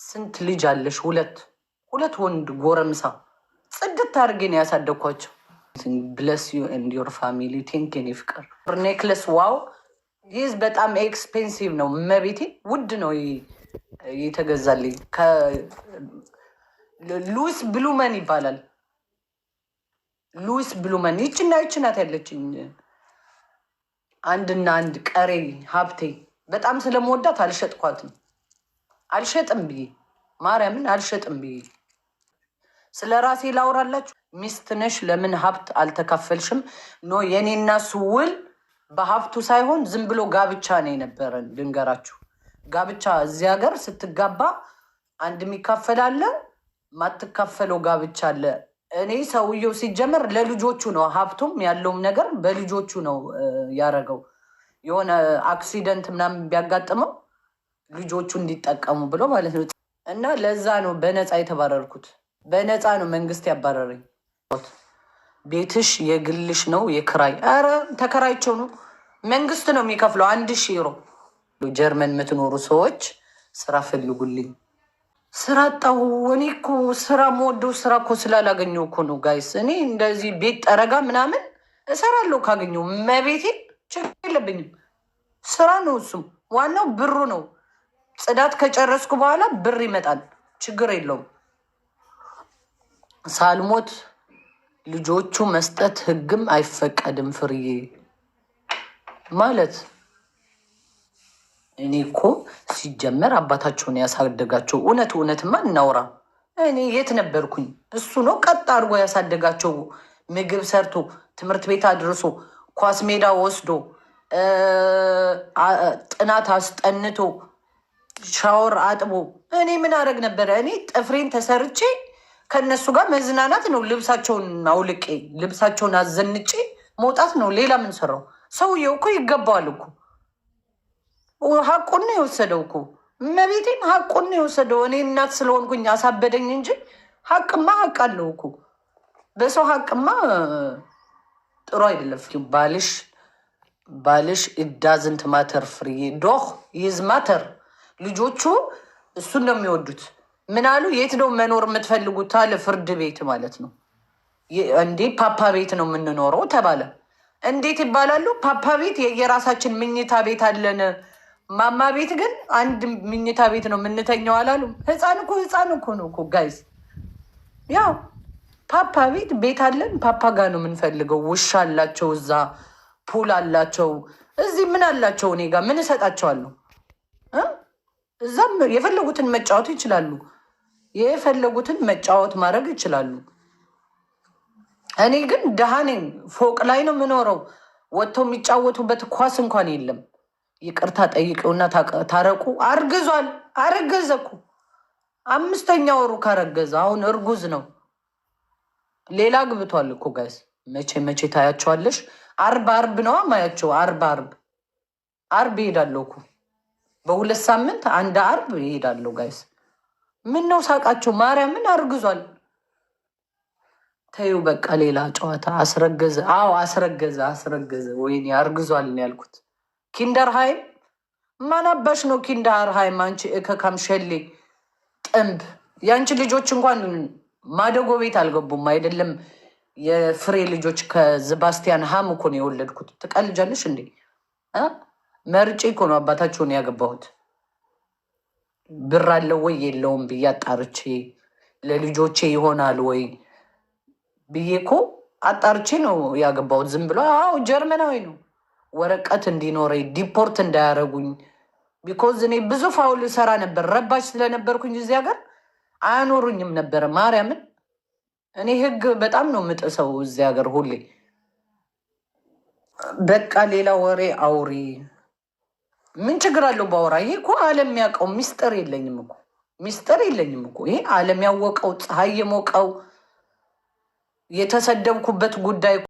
ስንት ልጅ አለሽ? ሁለት ሁለት ወንድ ጎረምሳ ጽድት አድርጌን ያሳደግኳቸው። ብለስ ዩ ኤንድ ዮር ፋሚሊ ቴንኬን ይፍቅር ኔክለስ ዋው ይህ በጣም ኤክስፔንሲቭ ነው። መቤቴ ውድ ነው የተገዛልኝ። ሉዊስ ብሉመን ይባላል። ሉዊስ ብሉመን ይችና ይችናት ያለችኝ አንድና አንድ ቀሬ ሀብቴ። በጣም ስለመወዳት አልሸጥኳትም። አልሸጥም ብዬ ማርያምን አልሸጥም ብዬ ስለ ራሴ ላውራላችሁ። ሚስት ነሽ፣ ለምን ሀብት አልተካፈልሽም? ኖ የኔና ስውል በሀብቱ ሳይሆን ዝም ብሎ ጋብቻ ነው የነበረን። ልንገራችሁ፣ ጋብቻ እዚህ ሀገር ስትጋባ አንድ የሚካፈል አለ፣ ማትካፈለው ጋብቻ አለ። እኔ ሰውየው ሲጀመር ለልጆቹ ነው ሀብቱም ያለውም ነገር በልጆቹ ነው ያደረገው። የሆነ አክሲደንት ምናምን ቢያጋጥመው ልጆቹ እንዲጠቀሙ ብሎ ማለት ነው። እና ለዛ ነው በነፃ የተባረርኩት። በነፃ ነው መንግስት ያባረረኝ። ቤትሽ የግልሽ ነው የክራይ ኧረ ተከራይቸው ነው መንግስት ነው የሚከፍለው። አንድ ሺ ዩሮ ጀርመን የምትኖሩ ሰዎች ስራ ፈልጉልኝ። ስራ አጣሁ እኔ እኮ ስራ መወደው ስራ እኮ ስላላገኘው እኮ ነው ጋይስ። እኔ እንደዚህ ቤት ጠረጋ ምናምን እሰራለሁ ካገኘው መቤቴ ችግር የለብኝም። ስራ ነው እሱም ዋናው ብሩ ነው። ጽዳት ከጨረስኩ በኋላ ብር ይመጣል፣ ችግር የለውም። ሳልሞት ልጆቹ መስጠት ህግም አይፈቀድም። ፍርዬ ማለት እኔ እኮ ሲጀመር አባታቸውን ያሳደጋቸው እውነት እውነትማ እናውራ። እኔ የት ነበርኩኝ? እሱ ነው ቀጥ አድርጎ ያሳደጋቸው። ምግብ ሰርቶ ትምህርት ቤት አድርሶ ኳስ ሜዳ ወስዶ ጥናት አስጠንቶ ሻወር አጥቦ እኔ ምን አድረግ ነበረ? እኔ ጥፍሬን ተሰርቼ ከእነሱ ጋር መዝናናት ነው። ልብሳቸውን አውልቄ ልብሳቸውን አዘንጬ መውጣት ነው። ሌላ ምን ሰራው? ሰውየው እኮ ይገባዋል እኮ ሀቁን ነው የወሰደው እኮ መቤቴን ሀቁን ነው የወሰደው። እኔ እናት ስለሆንኩኝ አሳበደኝ እንጂ ሀቅማ ሀቅ አለው እኮ በሰው ሀቅማ ጥሩ አይደለም። ባልሽ ባልሽ ኢዳዝንት ማተር ፍሪ ዶህ ይዝ ማተር ልጆቹ እሱን ነው የሚወዱት። ምን አሉ? የት ነው መኖር የምትፈልጉት አለ። ፍርድ ቤት ማለት ነው። እንዴ ፓፓ ቤት ነው የምንኖረው ተባለ። እንዴት ይባላሉ? ፓፓ ቤት የራሳችን ምኝታ ቤት አለን፣ ማማ ቤት ግን አንድ ምኝታ ቤት ነው የምንተኘው አላሉ። ህፃን እኮ ህፃን እኮ ነው እኮ ጋይዝ። ያው ፓፓ ቤት ቤት አለን፣ ፓፓ ጋ ነው የምንፈልገው። ውሻ አላቸው፣ እዛ ፑል አላቸው፣ እዚህ ምን አላቸው። እኔ ጋር ምን እሰጣቸዋለሁ? እዛም የፈለጉትን መጫወት ይችላሉ። የፈለጉትን መጫወት ማድረግ ይችላሉ። እኔ ግን ድሃ ነኝ፣ ፎቅ ላይ ነው የምኖረው። ወጥተው የሚጫወቱበት ኳስ እንኳን የለም። ይቅርታ ጠይቀውና ታረቁ። አርግዟል። አረገዘኩ አምስተኛ ወሩ ካረገዘ አሁን እርጉዝ ነው። ሌላ ግብቷል እኮ ጋይስ። መቼ መቼ ታያቸዋለሽ? አርብ አርብ ነዋ ማያቸው። አርብ አርብ አርብ ይሄዳለሁ እኮ በሁለት ሳምንት አንድ አርብ ይሄዳለሁ። ጋይስ ምን ነው ሳቃቸው? ማርያምን አርግዟል። ተዩ በቃ ሌላ ጨዋታ። አስረገዘ። አዎ አስረገዘ፣ አስረገዘ። ወይኔ አርግዟል ያልኩት ኪንደር ኪንደርሃይም ማናባሽ ነው ኪንደርሃይም? አንቺ እከካም ሸሌ ጥንብ የአንቺ ልጆች እንኳን ማደጎ ቤት አልገቡም። አይደለም የፍሬ ልጆች ከዝባስቲያን ሀም እኮ ነው የወለድኩት። ትቀልጃለሽ እንዴ? መርጬ እኮ ነው አባታቸውን ያገባሁት። ብር አለው ወይ የለውም ብዬ አጣርቼ ለልጆቼ ይሆናል ወይ ብዬ እኮ አጣርቼ ነው ያገባሁት። ዝም ብሎ አዎ ጀርመናዊ ነው ወረቀት እንዲኖረኝ ዲፖርት እንዳያረጉኝ ቢኮዝ እኔ ብዙ ፋውል ሰራ ነበር። ረባሽ ስለነበርኩኝ እዚህ ሀገር አያኖሩኝም ነበረ። ማርያምን እኔ ህግ በጣም ነው የምጥሰው እዚህ ሀገር ሁሌ። በቃ ሌላ ወሬ አውሪ። ምን ችግር አለው ባወራ? ይሄ እኮ ዓለም ያውቀው ሚስጥር የለኝም እኮ ሚስጥር የለኝም እኮ ይሄ ዓለም ያወቀው ፀሐይ የሞቀው የተሰደብኩበት ጉዳይ